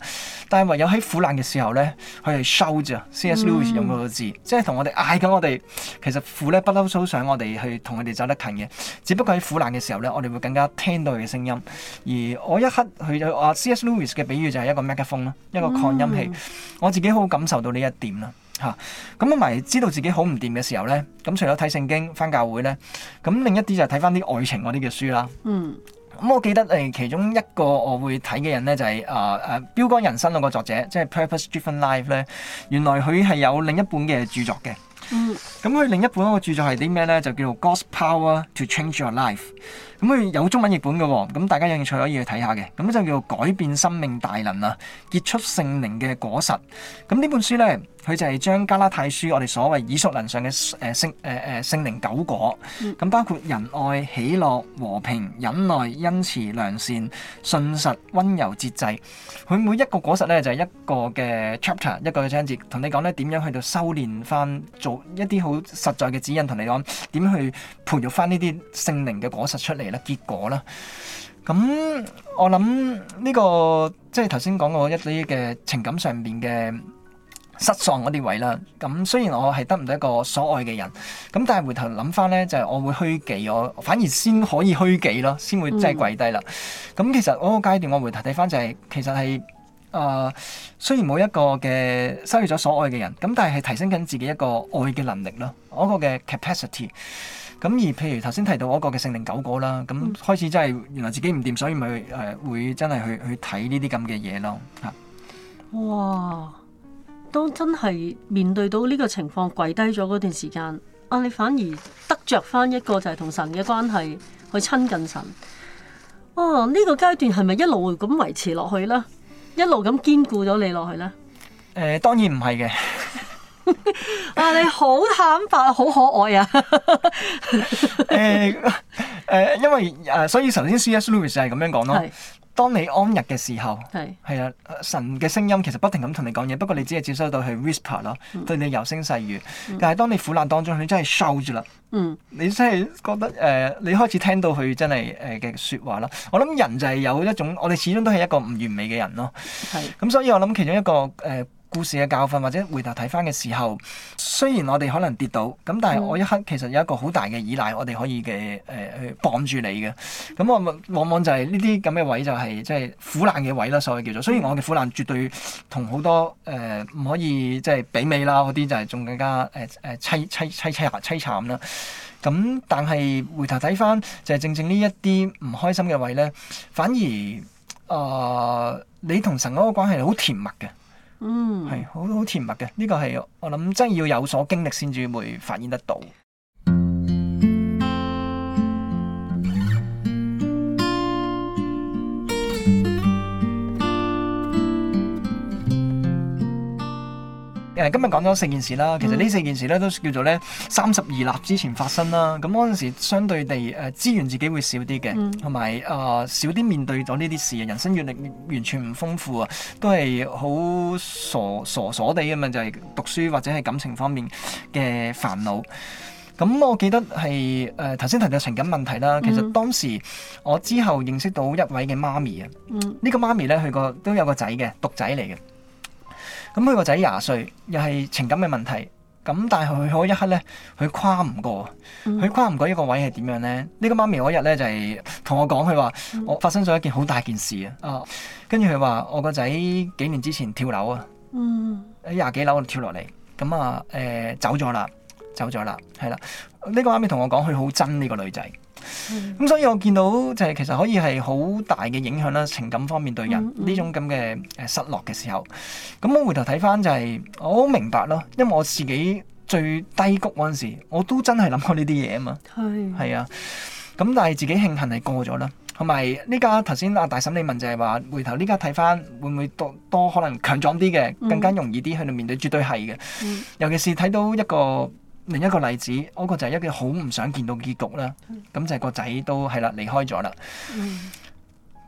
但係唯有喺苦難嘅時候咧，佢係收住 C.S. Lewis 用嗰個字，嗯、即係同我哋嗌緊我哋。其實苦咧不嬲都想我哋去同佢哋走得近嘅，只不過喺苦難嘅時候咧，我哋會更加聽到佢嘅聲音。而我一刻去話 C.S. Lewis 嘅比喻就係一個麥克風啦，一個擴音器。嗯、我自己好感受到呢一點啦，嚇、啊。咁同埋知道自己好唔掂嘅時候咧，咁除咗睇聖經、翻教會咧，咁另一啲就睇翻啲愛情嗰啲嘅書啦。嗯。咁我記得誒，其中一個我會睇嘅人咧，就係啊誒《標、呃、竿人生》嗰個作者，即係 Purpose Driven Life 咧。原來佢係有另一本嘅著作嘅、 嗯。嗯。咁、嗯、佢另一本嗰個著作係啲咩咧？就叫做 God's Power to Change Your Life。咁佢有中文譯本嘅喎、哦，咁大家有興趣可以去睇下嘅。咁就叫做改變生命大能啊，結出聖靈嘅果實。咁呢本書咧，佢就係將加拉太書我哋所謂耳熟能詳嘅誒聖誒誒、呃、聖靈九果。咁、嗯、包括仁愛、喜樂、和平、忍耐、恩慈、良善、信實、溫柔、節制。佢每一個果實咧，就係、是、一個嘅 chapter，一個嘅章節同你講咧，點樣去到修煉翻做一啲好實在嘅指引，同你講點去培育翻呢啲聖靈嘅果實出嚟。啦，結果啦，咁我諗呢個即係頭先講過一啲嘅情感上邊嘅失喪嗰啲位啦。咁雖然我係得唔到一個所愛嘅人，咁但係回頭諗翻呢，就係我會虛記，我反而先可以虛記咯，先會即係跪低啦。咁其實嗰個階段，我回頭睇翻就係其實係誒，雖然冇一個嘅失去咗所愛嘅人，咁但係係提升緊自己一個愛嘅能力咯，嗰個嘅 capacity。咁而譬如頭先提到嗰個嘅聖靈九個啦，咁開始真係原來自己唔掂，所以咪誒、呃、會真係去去睇呢啲咁嘅嘢咯吓。
哇！都真係面對到呢個情況跪低咗嗰段時間，啊你反而得着翻一個就係同神嘅關係去親近神。哦、啊，呢、這個階段係咪一路咁維持落去呢？一路咁堅固咗你落去呢？
誒、呃，當然唔係嘅。
哇、 啊！你好坦白，好可愛啊！誒 誒、欸呃，
因為誒、呃，所以首先 C S Lewis 係咁樣講咯。是當你安逸嘅時候，係係是啊，神嘅聲音其實不停咁同你講嘢，不過你只係接收到係 whisper 咯，嗯，對你柔聲細語。嗯，但係當你苦難當中，你真係 shout 住啦，嗯、你真係覺得誒、呃，你開始聽到佢真係誒嘅說話咯。我諗人就係有一種，我哋始終都係一個唔完美嘅人咯。係咁是，所以我諗其中一個誒。嗯故事嘅教訓，或者回頭睇翻嘅時候，雖然我哋可能跌倒咁，但係我一刻其實有一個好大嘅依賴，我哋可以嘅誒、呃、去綁住你嘅。咁我往往就係呢啲咁嘅位，就係即係苦難嘅位啦，所謂叫做。雖然我嘅苦難絕對同好多誒唔、呃、可以即係媲美啦，嗰啲就係仲更加誒誒、呃呃、淒淒淒淒，淒，淒慘啦。咁但係回頭睇翻就係、是、正正呢一啲唔開心嘅位咧，反而啊、呃、你同神嗰個關係好甜蜜嘅。嗯，係，好好甜蜜嘅，呢、這個係，我諗真係要有所經歷先至會發現得到。誒今日講咗四件事啦，其實呢四件事咧都叫做咧三十而立之前發生啦。咁嗰陣時，相對地誒、呃、資源自己會少啲嘅，同埋啊少啲面對咗呢啲事，人生閱歷完全唔豐富啊，都係好傻，傻傻傻地咁嘛。就係、是、讀書或者係感情方面嘅煩惱。咁我記得係誒頭先提到情感問題啦。其實當時我之後認識到一位嘅媽咪啊，呢、嗯、個媽咪咧佢個都有個仔嘅獨仔嚟嘅。咁佢個仔廿歲，又係情感嘅問題。咁但係佢嗰一刻咧，佢跨唔過，佢跨唔過一個位係點樣咧？呢個媽咪嗰日咧就係同我講，佢話我發生咗一件好大件事啊！跟住佢話我個仔幾年之前跳樓啊，喺廿幾樓跳落嚟，咁啊誒走咗啦，走咗啦，係啦。呢個媽咪同我講，佢好憎呢個女仔。咁、嗯、所以我見到就係其實可以係好大嘅影響啦，情感方面對人呢種咁嘅誒失落嘅時候，咁、嗯嗯、我回頭睇翻就係、是、我好明白咯，因為我自己最低谷嗰陣時，我都真係諗過呢啲嘢啊嘛，係係是啊，咁但係自己慶幸係過咗啦，同埋呢家頭先阿大嬸你問就係話回頭呢家睇翻會唔會多多可能強壯啲嘅，更加容易啲去到面對，嗯、絕對係嘅，嗯、尤其是睇到一個。另一個例子，我、嗰個就係一個好唔想見到結局啦，咁就係個仔都係啦離開咗啦。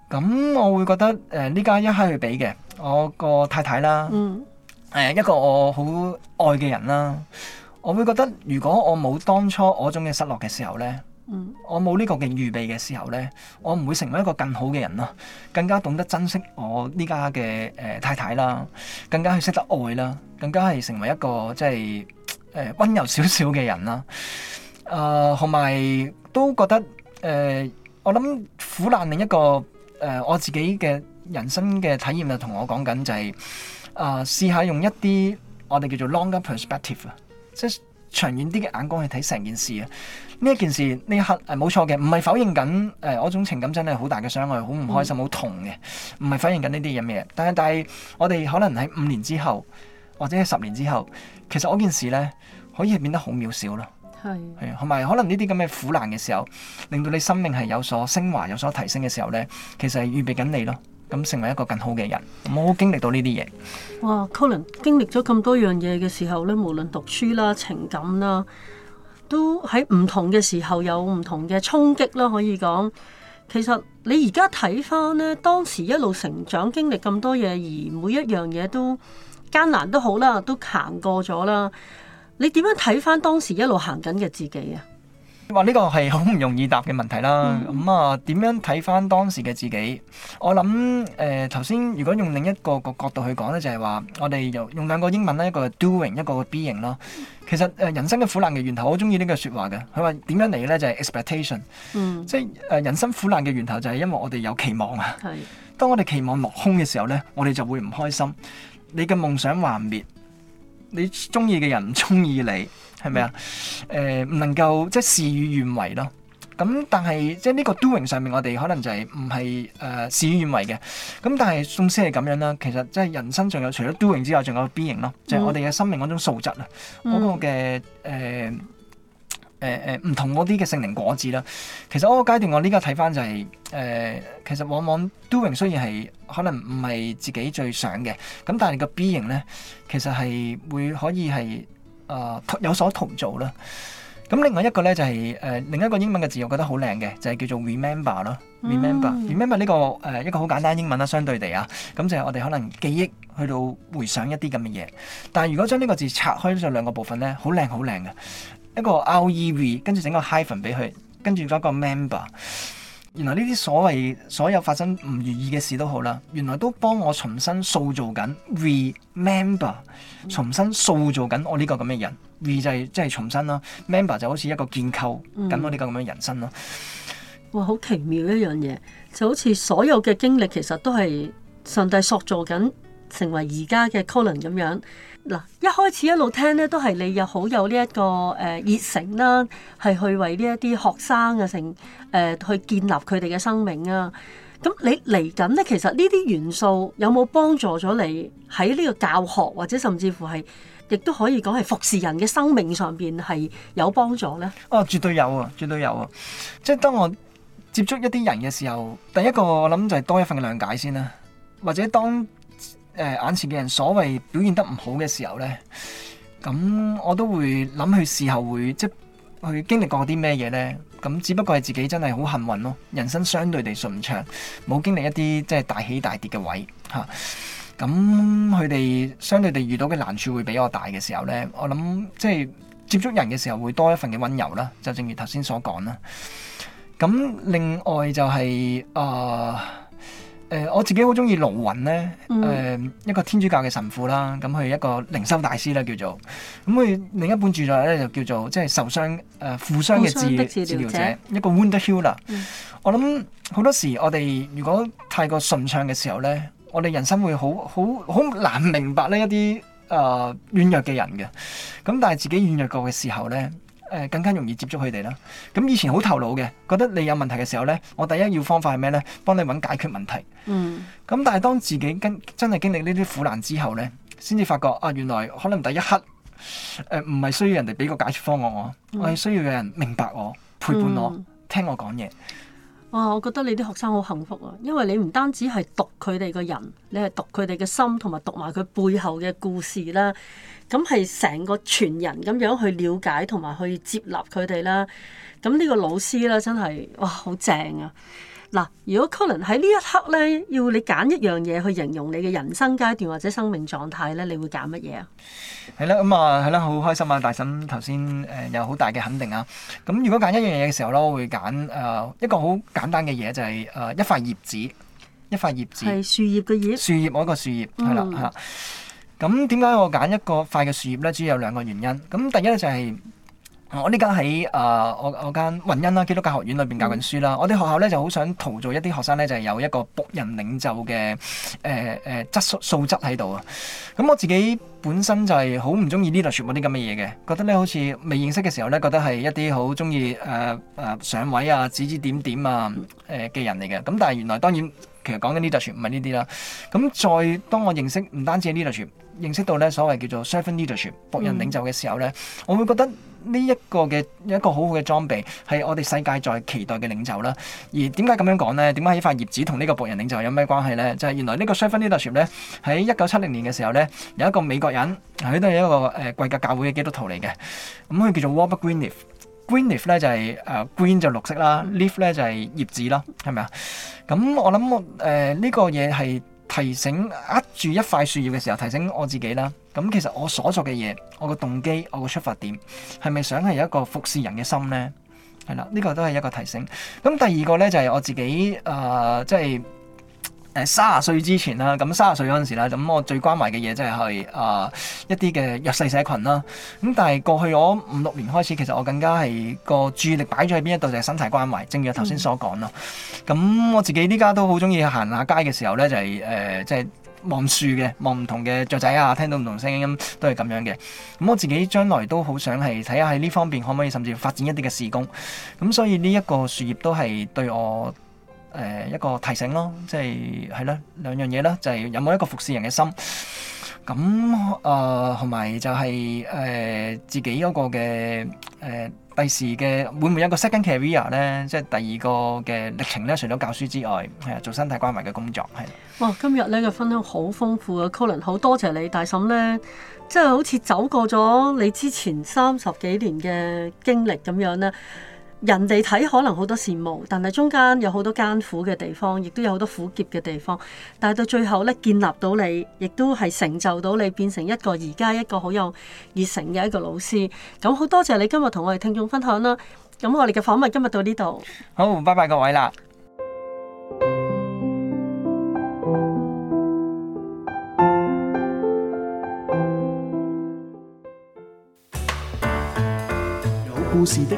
咁、嗯、我會覺得誒，呢、呃、家一刻去俾嘅，我個太太啦，誒、嗯呃、一個我好愛嘅人啦。我會覺得如果我冇當初嗰種嘅失落嘅時候咧、嗯，我冇呢個嘅預備嘅時候咧，我唔會成為一個更好嘅人咯，更加懂得珍惜我呢家嘅誒太太啦，更加去識得愛啦，更加係成為一個即係。誒温柔少少嘅人啦，誒同埋都覺得誒、呃，我諗苦難另一個誒、呃，我自己嘅人生嘅體驗就同我講緊就係誒，呃、試下用一啲我哋叫做 longer perspective 啊，即係長遠啲嘅眼光去睇成件事啊。呢一件事呢一刻誒冇錯嘅，唔係否認緊誒嗰種情感真係好大嘅傷害，好唔開心，好痛嘅，唔係、嗯、否認緊呢啲嘢咩？但係但係我哋可能喺五年之後，或者係十年之後，其實嗰件事呢，可以係變得好渺小咯。係係是，同埋可能呢啲咁嘅苦難嘅時候，令到你生命係有所升華、有所提升嘅時候呢，其實係預備緊你咯。咁成為一個更好嘅人，冇經歷到呢啲嘢。哇，Colin，
經歷咗咁多樣嘢嘅時候呢，無論讀書啦、情感啦，都喺唔同嘅時候有唔同嘅衝擊啦，可以講。其實你而家睇翻呢，當時一路成長經歷咁多嘢，而每一樣嘢都。艱難都好啦，都行過咗啦。你點樣睇翻當時一路行緊嘅自己
啊？話呢個係好唔容易答嘅問題啦。咁、嗯、啊，點樣睇翻當時嘅自己？我諗誒，頭、呃、先如果用另一個個角度去講咧，就係、是、話我哋用用兩個英文咧，一個係 doing，一個係 being 咯。其實誒，人生嘅苦難嘅源頭，好中意呢句說話嘅。佢話點樣嚟咧？就係、是、expectation、嗯。即係誒、呃，人生苦難嘅源頭就係因為我哋有期望啊。係是。當我哋期望落空嘅時候咧，我哋就會唔開心。你嘅夢想幻滅，你中意嘅人唔中意你，係咪啊？誒、mm. 呃，唔能夠即係事與願違咯。咁、嗯、但係即係呢個 doing 上面，我哋可能就係唔係誒事與願違嘅。咁、嗯、但係宋詩係咁樣啦。其實即係人生仲有除咗 doing 之外，仲有 b 型咯，就係、是、我哋嘅生命嗰種素質啊，嗰、mm. 個嘅誒。呃誒誒唔同嗰啲嘅聖靈果子啦，其實嗰個階段我呢家睇翻就係、是、誒、呃，其實往往 doing 雖然係可能唔係自己最想嘅，咁但係個 B 型咧，其實係會可以係啊、呃、有所同做啦。咁另外一個咧就係、是、誒、呃，另一個英文嘅字我覺得好靚嘅，就係、是、叫做 remember 咯，remember，remember、嗯、呢、這個誒、呃、一個好簡單英文啦，相對地啊，咁就係我哋可能記憶去到回想一啲咁嘅嘢。但係如果將呢個字拆開咗兩個部分咧，好靚好靚嘅。一個 RE 跟住整個 hyphen 俾佢，跟住加個 member。原來呢啲所謂所有發生唔如意嘅事都好啦，原來都幫我重新塑造緊。Remember，重新塑造緊我呢個咁嘅人。RE、嗯、就係即係重新啦。Member、嗯、就好似一個建構緊我呢個咁嘅人生咯。哇，好奇妙一樣嘢，就好似
所有嘅經歷其實都係上帝塑造緊，成為而家嘅 Colin 咁樣。嗱，一開始一路聽咧，都係你又好有呢、這、一個誒、呃、熱誠啦、啊，係去為呢一啲學生嘅成誒去建立佢哋嘅生命啊。咁你嚟緊咧，其實呢啲元素有冇幫助咗你喺呢個教學或者甚至乎係，亦都可以講係服侍人嘅生命上邊係有幫助呢？哦、
啊，絕對有啊，絕對有啊！即係當我接觸一啲人嘅時候，第一個我諗就係多一份嘅諒解先啦、啊，或者當。誒眼前嘅人所謂表現得唔好嘅時候呢，咁我都會諗佢事後會即係佢經歷過啲咩嘢呢？咁只不過係自己真係好幸運咯、哦，人生相對地順暢，冇經歷一啲即係大起大跌嘅位嚇。咁佢哋相對地遇到嘅難處會比我大嘅時候呢，我諗即係接觸人嘅時候會多一份嘅溫柔啦。就正如頭先所講啦。咁另外就係、是、啊～、呃誒、呃、我自己好中意盧雲咧，誒、呃、一個天主教嘅神父啦，咁佢一個靈修大師啦，叫做咁佢另一本著作咧就叫做即係受傷誒負、呃、傷嘅治療治療者，治療者一個 Wounded Healer。嗯、我諗好多時我，我哋如果太過順暢嘅時候咧，我哋人生會好好好難明白呢一啲誒、呃、軟弱嘅人嘅咁，但係自己軟弱過嘅時候咧。誒更加容易接觸佢哋啦。咁以前好頭腦嘅，覺得你有問題嘅時候呢，我第一要方法係咩呢？幫你揾解決問題。嗯。咁但係當自己跟真係經歷呢啲苦難之後呢，先至發覺啊，原來可能第一刻唔係、呃、需要人哋俾個解決方案我，嗯、我係需要有人明白我，陪伴我，嗯、聽我講嘢。
哇！我覺得你啲學生好幸福啊，因為你唔單止係讀佢哋嘅人，你係讀佢哋嘅心，同埋讀埋佢背後嘅故事啦。咁係成個全人咁樣去了解同埋去接納佢哋啦，咁呢個老師咧真係，哇好正啊！嗱，如果 Colin 喺呢一刻咧，要你揀一樣嘢去形容你嘅人生階段或者生命狀態咧，你會揀
乜嘢啊？係啦，咁啊，係啦，好開心啊！大嬸頭先誒有好大嘅肯定啊！咁如果揀一樣嘢嘅時候咧，我會揀，誒、呃、一個好簡單嘅嘢，就係、是、誒一塊葉子，一塊葉子係樹葉嘅葉，樹葉我一個樹葉係啦嚇。嗯咁點解我揀一個快嘅樹葉呢？主要有兩個原因。咁第一呢就係、是、我呢間喺啊我我間雲恩啦基督教學院裏邊教緊書啦。嗯、我啲學校呢，就好想陶造一啲學生呢，就係、是、有一個僕人領袖嘅誒誒質素素質喺度啊。咁我自己本身就係好唔中意 leadership 啲咁嘅嘢嘅，覺得呢好似未認識嘅時候呢，覺得係一啲好中意誒上位啊指指點點啊嘅人嚟嘅。咁但係原來當然其實講緊 leadership 唔係呢啲啦。咁再當我認識唔單止係 leadership。認識到咧所謂叫做 Servant Leadership 僕人領袖嘅時候咧，嗯、我會覺得呢一個嘅一個好好嘅裝備係我哋世界在期待嘅領袖啦。而點解咁樣講咧？點解呢塊葉子同呢個僕人領袖有咩關係咧？就係、是、原來個 Leadership 呢個 Servant Leadership 咧，喺一九七零年嘅時候咧，有一個美國人，佢都係一個誒、呃、貴格教會嘅基督徒嚟嘅。咁、嗯、佢叫做 Warbuck Greenleaf Greenleaf 咧就係、是呃、green 就綠色啦、嗯、，leaf 咧就係葉子咯，係咪啊？咁、嗯、我諗誒呢個嘢係。提醒握住一塊樹葉嘅時候，提醒我自己啦。咁其實我所做嘅嘢，我個動機，我個出發點，係咪想係一個服侍人嘅心呢？係啦，呢、這個都係一個提醒。咁第二個呢，就係、是、我自己誒、呃，即係。誒三十歲之前啦，咁三十歲嗰陣時咧，咁我最關懷嘅嘢即係係啊一啲嘅弱勢社群啦。咁但係過去我五六年開始，其實我更加係個注意力擺咗喺邊一度，就係生態關懷。正如我頭先所講咯。咁、嗯、我自己呢家都好中意行下街嘅時候咧，就係誒即係望樹嘅，望唔同嘅雀仔啊，聽到唔同聲音都係咁樣嘅。咁我自己將來都好想係睇下喺呢方面可唔可以甚至發展一啲嘅事工。咁所以呢一個樹葉都係對我。誒、呃、一個提醒咯，即係係啦，兩樣嘢啦，就係、是、有冇一個服侍人嘅心，咁、嗯、啊，同、呃、埋就係、是、誒、呃、自己嗰個嘅誒第時嘅會唔會有個 second career 咧？即係第二個嘅歷程咧，除咗教書之外，係啊，做身體關懷嘅工作係。
哇！今日呢個分享好豐富啊，Colin 好多謝你，大嬸咧，即係好似走過咗你之前三十幾年嘅經歷咁樣啦。人哋睇可能好多羨慕，但係中間有好多艱苦嘅地方，亦都有好多苦澀嘅地方。但係到最後咧，建立到你，亦都係成就到你，變成一個而家一個好有熱誠嘅一個老師。咁好多謝你今日同我哋聽眾分享啦。咁我哋嘅訪問今日到呢度，
好，拜拜各位啦。有故事的。